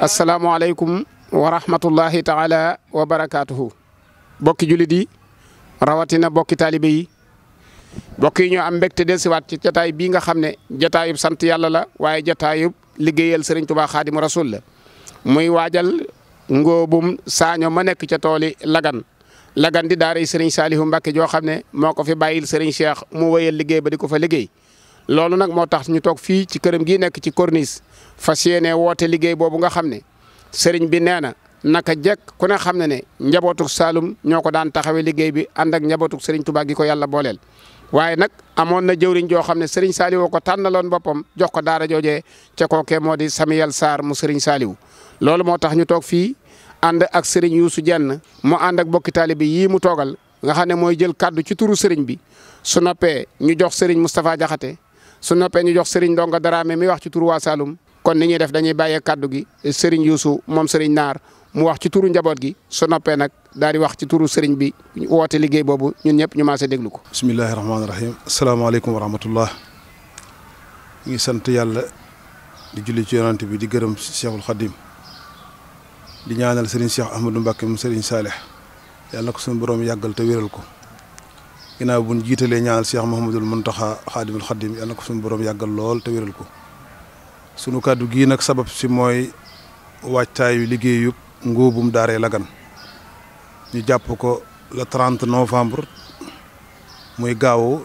asalaamualeykum wa rahmatullahi taala wa barakaatuhu. bokki jullit yi rawatina bokki taalibe yi bokk yi ñoo am mbégte dellusiwaat ci jataay bii nga xam ne jataayub sant yàlla la waaye jataayub liggéeyal sëriñ Tuubaa Xaadimu Rasuul la muy waajal ngóobum saaño ma nekk ca tooli Lagan. Lagane di daaray Serigne Saliou Mbacke joo xam ne moo ko fi bàyyil Serigne Cheikh mu wéyal liggéey ba di ko fa liggéey loolu nag moo tax ñu toog fii ci këram gi nekk ci corniche fas yéene woote liggéey boobu nga xam ne Serigne bi nee na naka jekk ku ne xam ne ne njabootuk Saalum ñoo ko daan taxawee liggéey bi ànd ak njabootuk Serigne Touba gi ko yàlla booleel. waaye nag amoon na jëwriñ joo xam ne Serigne Saliou ko tànnaloon boppam jox ko daara jooje ca kookee moo di Samuel Sarr mu Serigne Saliou ànd ak sëriñ Youssou Dieng mu ànd ak bokki taalibe bi yii mu toogal nga xam ne mooy jël kàddu ci tuur sëriñ bi su noppee ñu jox sëriñ Moustapha jaxate su noppee ñu jox sëriñ Ndonga Daraame mi wax ci turu waa Saloum kon ni ñuy def dañuy bàyyee kàddu gi sëriñ Youssou moom sëriñ Naar mu wax ci turu njaboot gi su noppee nag daal di wax ci turu sëriñ bi woote liggéey boobu ñun ñëpp ñu maasee déglu ko. bismillahi rahmaani rahim asalaamaaleykum wa ngi sant yàlla di julli ci yonante bi di gërëm Cheikhul Khadim di ñaanal Serigne Cheikh Ahmadou Mbacke mu Serigne Saleh yàlla na ko suñu borom yàggal te wéral ko ginnaaw bu ñu jiitalee ñaanal Cheikh Mouhamadul Mountakha Xaadimul Xadim yàlla na ko suñu borom yàggal lool te wéral ko suñu kàddu gii nag sabab si mooy waajtaayu liggéeyu ngóobum daaree lagan ñu jàpp ko le 30 novembre muy gaaw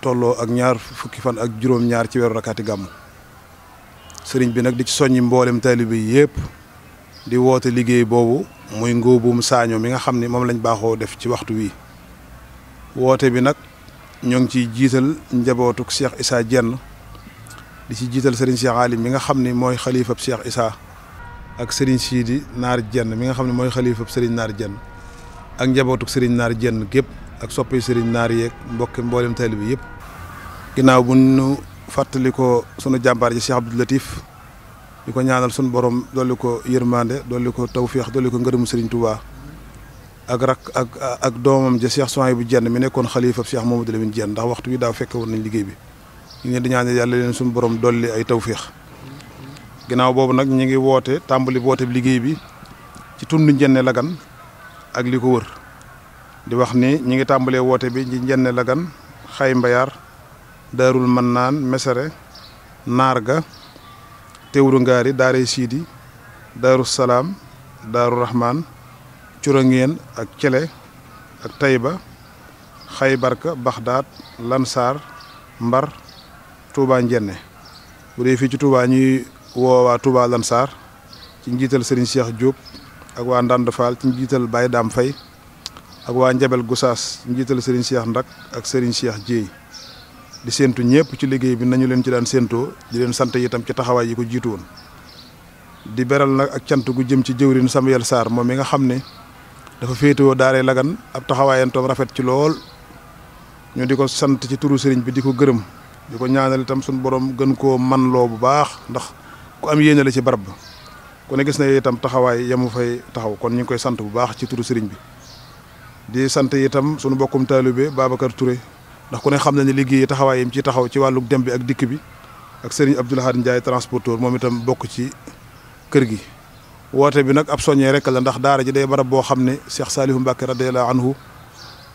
tolloo ak ñaar fukki fan ak juróom-ñaar ci weeru rakkaati gàmm sëriñ bi nag di ci soññi mboolem taalibe yi yëpp. di woote liggéey boobu muy ngóobum saañoo mi nga xam ni moom lañ baaxoo def ci waxtu wi woote bi nag ñoo ngi ciy jiital njabootuk Cheikh Issa jenn di ci jiital Serigne Cheikh Alim mi nga xam ni mooy xalifab Cheikh Issa ak Serigne Sidi Naar jenn mi nga xam ne mooy xalifab Serigne Naar Diène ak njabootuk Serigne Naar jenn gépp ak soppi Serigne Naar yéeg mbokki mboolem taalibe bi yëpp ginnaaw bu nu fàttali sunu jàmbaar ji Cheikh Abdou Latif di ko ñaanal sunu borom dolli ko yërmande dolli ko tawféex dolli ko ngërëmu Serigne Touba ak rak ak ak doomam ja Cheikh Souhaïbou bu jenn mi nekkoon xalifa Cheikh Mamadou Lamine jenn ndax waxtu wi daaw fekke woon nañ liggéey bi ñu ne leen sunu borom dolli ay tawféex ginnaaw boobu nag ñu ngi woote tàmbali woote liggéey bi ci tund Njenne Lagan ak li ko wër di wax ni ñi ngi tàmbalee woote bi ci Njenne Lagan Xay Mbayaar man naan Mesere Naarga Téwru Ngaari daaray Siidi Daaru Salaam Daaru Rahman Curangeen ak Cele ak Tayba Xaybarka Baxdaad Lansaar Mbar Touba Njenne bu dee fii ci Touba ñuy woowaa Touba Lansaar ci njiital Serigne Cheikh Diop ak waa Ndande Fall ci njiital Baye Dame Faye ak waa Njabel Gosaas ci njiital Serigne Cheikh Ndak ak Serigne Cheikh Dieye di séentu ñëpp ci liggéey bi nañu leen ci daan séentoo di leen sant itam ci taxawaay yi ko jiitu woon di beral nag ak cant gu jëm ci jëwrin Samuel saar moom mi nga xam ne dafa féetewoo daaree Lagan ab taxawaayantoom rafet ci lool ñu di ko sant ci turu sëriñ bi di ko gërëm di ko ñaanal itam suñu borom gën koo man loo bu baax ndax ku am yéene la ci barab ba ku ne gis na itam taxawaay yamu fay taxaw kon ñu ngi koy sant bu baax ci turu sëriñ bi di sant itam sunu bokkum taalibe Babacar ture ndax ku ne xam na ne liggéey taxawaayam ci taxaw ci wàllu dem bi ak dikk bi ak sëriñ Abdou Lahad Ndiaye transporteur moom itam bokk ci kër gi woote bi nag ab soññee rek la ndax daara ji day barab boo xam ne Cheikh Salihu Mbacke radiyallahu anhu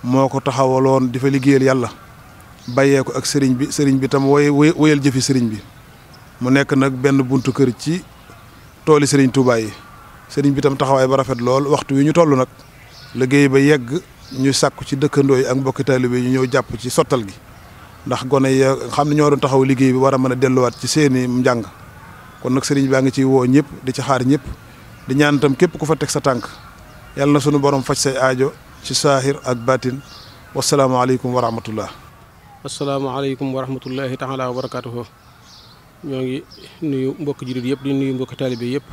moo ko taxawaloon di fa liggéeyal yàlla bàyyee ko ak sëriñ bi sëriñ bi tam woy woyal jëfi sëriñ bi mu nekk nag benn buntu kër ci tooli sëriñ Touba yi sëriñ bi tam taxawaay ba rafet lool waxtu wi ñu toll nag liggéey ba ñuy sàkku ci dëkkandoo yi ak mbokki taalibe yi ñu ñëw jàpp ci sottal gi ndax gone yi xam ne ñoo doon taxaw liggéey bi war a mën a delluwaat ci seeni njàng kon nag sëriñ baa ngi ciy woo ñëpp di ci xaar ñëpp di ñaan képp ku fa teg sa tànk yàlla sunu borom faj say aajo ci saahir ak baatin wasalaamaaleykum wa rahmatullah asalaamaaleykum wa rahmatullahi taala wa barakatuhu ñoo ngi nuyu mbokki jullit yëpp di nuyu mbokki taalibe yëpp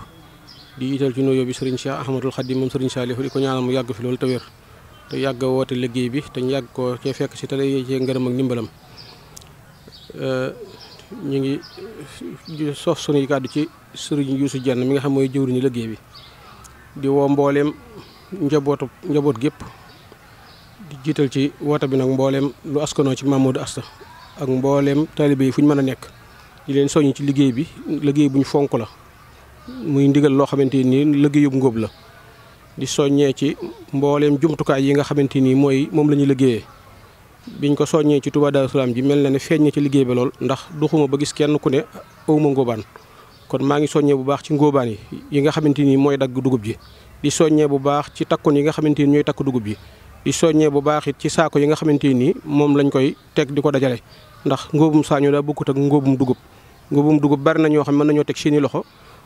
di ital bi sëriñ Cheikh Ahmadul Xadim moom sëriñ Saliou di mu yàgg fi loolu te te yàgg woote liggéey bi te ñu yàgg ko cee fekk si te day cee ngërëm ak ndimbalam eh, ñu ngi sof sunuy kàddu ci sëriñ Yuusu Jenn mi nga xam mooy jëwriñu liggéey bi di woo mbooleem njabootu njaboot gépp di jiital ci woote bi nag mbooleem lu askanoo ci Mamadou Asta ak mbooleem taalibe yi fu ñu mën a nekk di leen soññ ci liggéey bi liggéey bu ñu fonk la muy ndigal loo xamante ni liggéeyub ngóob la di soññee ci mbooleem jumtukaay yi nga xamante ni mooy moom la ñu liggéeyee biñ ko soññee ci Touba Darou Salaam ji mel na ne feeñ na ci liggéey bi lool ndax duxuma ba gis kenn ku ne awma ngóobaan kon maa ngi soññee bu baax ci ngóobaan yi yi nga xamante ni mooy dagg dugub ji di soññee bu baax ci takkoon yi nga xamante ni ñooy takk dugub ji di soññee bu baax ci saako yi nga xamante nii moom lañ koy teg di ko dajale ndax ngóobum saaño daa bokkut ak ngóobum dugub ngóobum dugub bari na ñoo xam mën nañoo teg seeni loxo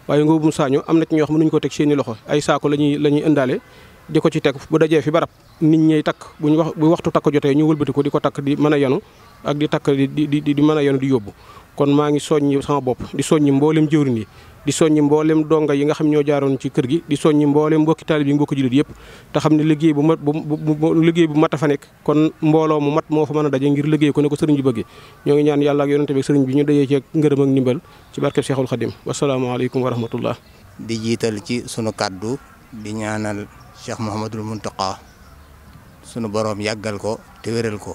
waaye ngóobu mu saañu am na ci ñoo xam mënuñu ko teg seeni loxo ay saako la ñuy la indaale di ko ci teg bu dajee fi barab nit ñey takk bu ñu wax bu waxtu takk jotee ñu wëlbati ko di ko takk di mën a yanu ak di takk di di di mën a yanu di yóbbu kon maa ngi soññi sama bopp di soññi mboolem jëwriñ yi di soññi mboolem donga yi nga xam ñoo jaaroon ci kër gi di soññi mboolem mbokki taalib yi mbokki jullit yëpp te xam ne liggéey bu mat bu liggéey bu mat a fa nekk kon mbooloo mu mat moo fa mën a daje ngir liggéey ko ne ko sëriñ bi bëggee ñoo ngi ñaan yàlla ak yonente bi sëriñ bi ñu dajee ci ngërëm ak ndimbal ci barkeb Seexul Xadim wasalaamaaleykum wa rahmatullah di jiital ci sunu kàddu di ñaanal Cheikh Mouhamadul Mountakha sunu boroom yàggal ko te wéral ko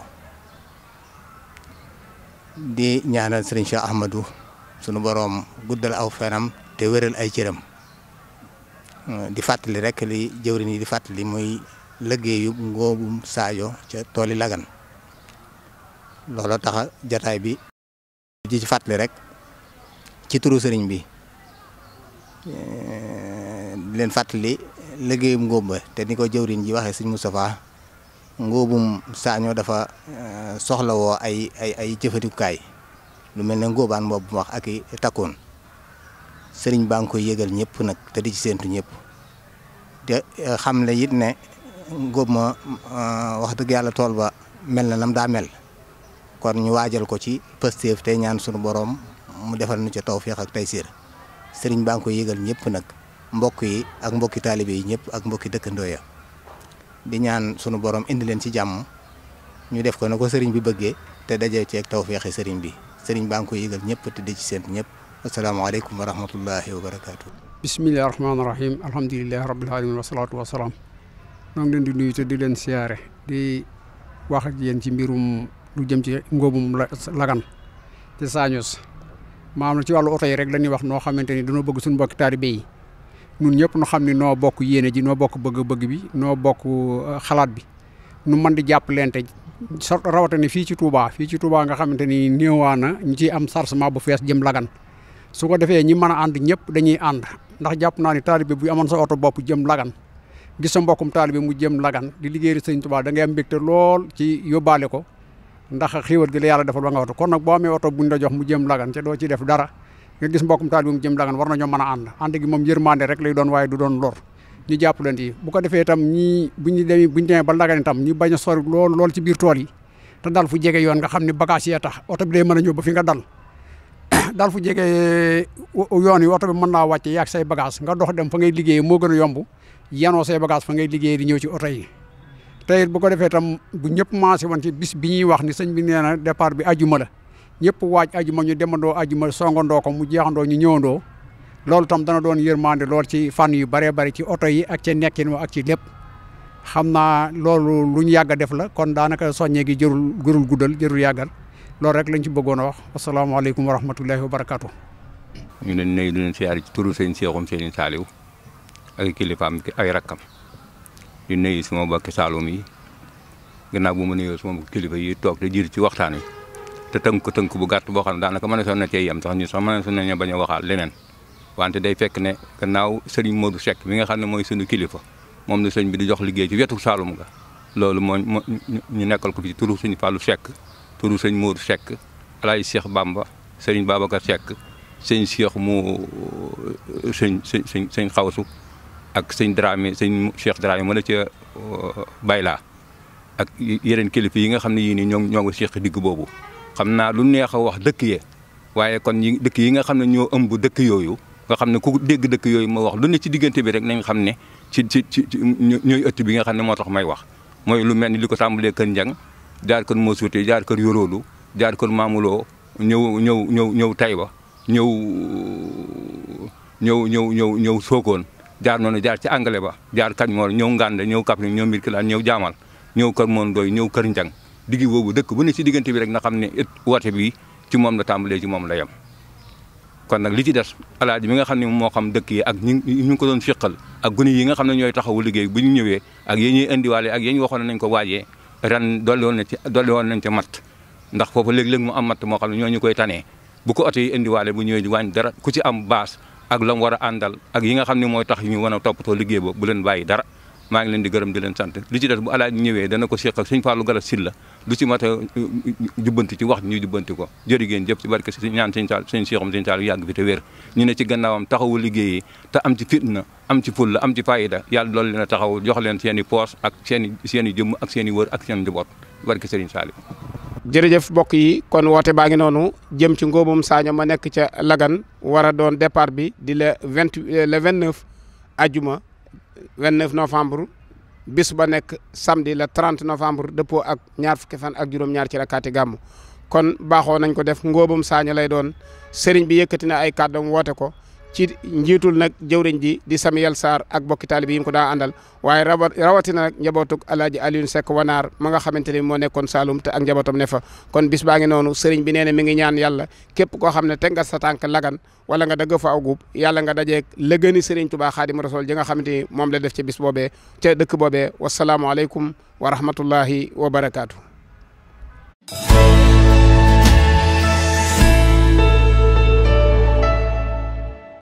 di ñaanal sëriñ Cheikh sunu boroom guddal aw fenam te wéral ay cëram di fàttali rek li jëwrin yi di fàttali muy liggéeyu ngóobum saajo ca tooli lagan looloo taxa jataay bi ji ci fàttali rek ci turu sëriñ bi di leen fàttali liggéeyum ngóob ba te ni ko jëwriñ ji waxee sëñ Moustapha ngóobum saañoo dafa soxlawoo ay ay ay lu mel ne ngóobaan boobu mu wax ak i takkoon sëriñ baa ngi koy yëgal ñëpp nag te di ci séentu ñëpp te eh, xam le it ne ngóob ma eh, wax dëgg yàlla tool ba mel na nam daa mel kon ñu waajal ko ci pësteef tey ñaan suñu boroom mu defal nu ca tawféex ak taysiir sëriñ baa ngi koy yëgal ñëpp nag mbokk yi ak mbokki taalibe yi ñëpp ak mbokki dëkkandoo ya di ñaan sunu borom indi leen ci jàmm ñu def ko na ko sëriñ bi bëggee te daje ceeg tawféexi sëriñ bi sëriñ baa ngi koy yëgal ñëpp te di ci seen ñëpp asalaamaaleykum wa rahmatullahi wa barakaatu. bisimilah rahmaani rahim alhamdulilah rabil alamin wasalaatu wasalaam. ñoo ngi leen di nuyu te di leen siyaare di wax ak ci mbirum lu jëm ci ngóobum lagan te saaños maam na ci wàllu oto yi rek la wax noo xamante ni dañoo bëgg suñu mbokki taalibe yi ñun ñëpp nu xam ne noo bokk yéene ji noo bokk bëgg-bëgg bi noo bokk euh, xalaat bi nu mën di jàppalante sort rawatina fii ci Touba fii ci Touba nga xamante ni néewaa na ñu ciy am chargement bu fees jëm lagan su ko defee ñi mën a ànd ñëpp dañuy ànd ndax jàpp naa ni taalibe bu amoon sa oto bopp jëm lagan gis sa mbokkum taalibe mu jëm lagan di liggéey sëñ Touba da ngay am te lool ci yóbbaale ko ndax xéewal gi la yàlla defal ba nga oto kon nag boo oto buñ la jox mu jëm lagan te doo ci def dara nga gis mbokkum taalibe mu jëm lagan war nañoo mën a ànd ànd gi moom yërmande rek lay doon waaye du doon lor ñu jàppalante yi bu ko defee itam ñii bu ñu demee bu ñu ba lagan tam ñu bañ a sori lool lool ci biir tool yi te dal fu jege yoon nga xam ne bagage yee tax oto bi day mën a ñëw ba fi nga dal dal fu jege yoon yi oto bi mën naa wàcce yaag say bagage nga dox dem fa ngay liggéeyee moo gën a yomb yanoo say bagage fa ngay liggéeyee di ñëw si oto yi tey bu ko defee tam bu ñëpp maase woon ci bis bi ñuy wax ni sëñ bi nee na départ bi ajuma la ñëpp waaj ajuma ñu demandoo ajuma songandoo ko mu jeexandoo ñu ñëwandoo loolu tam dana doon yërmande lool ci fànn yu bëree bëri ci oto yi ak ci nekkin wa ak ci lépp xam naa loolu lu ñu yàgg def la kon daanaka soññee gi jërul jërul guddal jërul yàggal loolu rek lañ ci bëggoon a wax asalaamaaleykum wa rahmatullahi wa barakaatu. ñu leen nuyu di leen siyaar ci turu sëñ Seexum sëñ Saaliw ak kilifaam ay rakkam di nuyu suma mbokki Saalum yi gannaaw bu ma nuyoo suma mbokki kilifa yi toog te jiir ci waxtaan wi te tënk tënk bu gàtt boo xam ne daanaka mën a soon na cee yem sax ñu sax mën a soon nañu bañ a waxaal leneen. wante day fekk ne gannaaw sëriñ Modou Seck mi nga xam ne mooy suñu kilifa moom la sëriñ bi di jox liggéey ci wetu Saalum ga loolu moo ñu nekkal ko fi turu sëriñ Fallou Seck turu sëriñ Modou Seck Alaaji Cheikh Bamba sëriñ Babacar Seck sëñ Cheikh mu sëñ sëñ sëñ Xawsu ak sëñ Dramé sëñ Cheikh Dramé mën na ca uh, baylaa ak yeneen kilifa yi nga xam ne yii nii ñoo ñoo ngi seq digg boobu xam naa lu neex a wax dëkk yee waaye kon yi dëkk yi nga xam ne ñoo ëmb dëkk yooyu nga xam ne ku dégg dëkk yooyu ma wax lu ne ci diggante bi rek nañ xam ne ci ci ci ñooy ëtt bi nga xam ne moo tax may wax mooy lu mel ni li ko tàmbalee kër njang jaar kër Mosuute jaar kër Yoroolu jaar kër Maamuloo ñëw ñëw ñëw ñëw Tayba ñëw ñëw ñëw ñëw ñëw Sokone jaar noonu jaar ci angale ba jaar Kañmoor ñëw Nganda ñëw Kaffrine ñëw Mbirkilaan ñëw Jaamal ñëw kër Mondoy ñëw kër Njang digg boobu dëkk bu ne ci diggante bi rek na xam ne it woote bi ci moom la tàmbalee ci moom la yem kon nag li ci des alaaji mi nga xam ne moo xam dëkk yi ak ñu ñu ngi ko doon fiqal ak gune yi nga xam ne ñooy taxawu liggéey bu ñu ñëwee ak yéen ñuy indiwaale ak yéen waxoon nañ ko waajee ren dolli woon na ci dolli woon nañ ca matt ndax foofu léeg-léeg mu am matt moo xam ne ñoo ñu koy tanee bu ko oto yi indiwaale bu ñëwee di wàññi dara ku ci am baas ak lam war a àndal ak yi nga xam ne mooy tax ñu mën a toppatoo liggéey ba bu leen bàyyi dara maa ngi leen di gërëm di leen sant lu ci des bu alaaji ñëwee dana ko séq ak sëñ Fallou Gallas Sylla lu ci mat uh, uh, jubbanti ci wax ñu jubbanti ko jërë ngeen jëf ci barke si ñaan sëñ Sall sëñ Seexum sëñ Sall yàgg am ci fitna am ci fulla am ci fayida yàlla leen taxaw jox leen seen i poos ak seen i seen i jëmm ak seen i wër ak seen njaboot barke sëriñ Sall jërëjëf mbokk yi kon woote baa ngi noonu jëm ci ngóobum Saño ma nekk ca Lagan war a doon départ bi di le vingt le vingt neuf ajuma 29 novembre bis ba nekk samedi le 30 novembre dëppoo ak ñaar fukki fan ak juróom-ñaar ci rakkaati gàmmu kon baaxoo nañ ko def ngóobam saañu lay doon sëriñ bi yëkkati na ay kàddam woote ko ci njiitul nag jëwriñ ji di samiyal saar ak bokki taalibe yi mu ko daa àndal waaye rawatina nag njabootug alaaji Alioune Seck Wanaar ma nga xamante ni moo nekkoon Saalum te ak njabootam ne fa kon bis baa ngi noonu sëriñ bi nee na mi ngi ñaan yàlla képp koo xam ne teg nga sa tànk lagan wala nga dagg fa aw guub yàlla nga dajeeg lëgëni sëriñ Tuubaa Xaadimu Rasuul ji nga xamante ni moom la def ci bis boobee ca dëkk boobee wasalaamualeykum wa rahmatullahi wa barakaatu.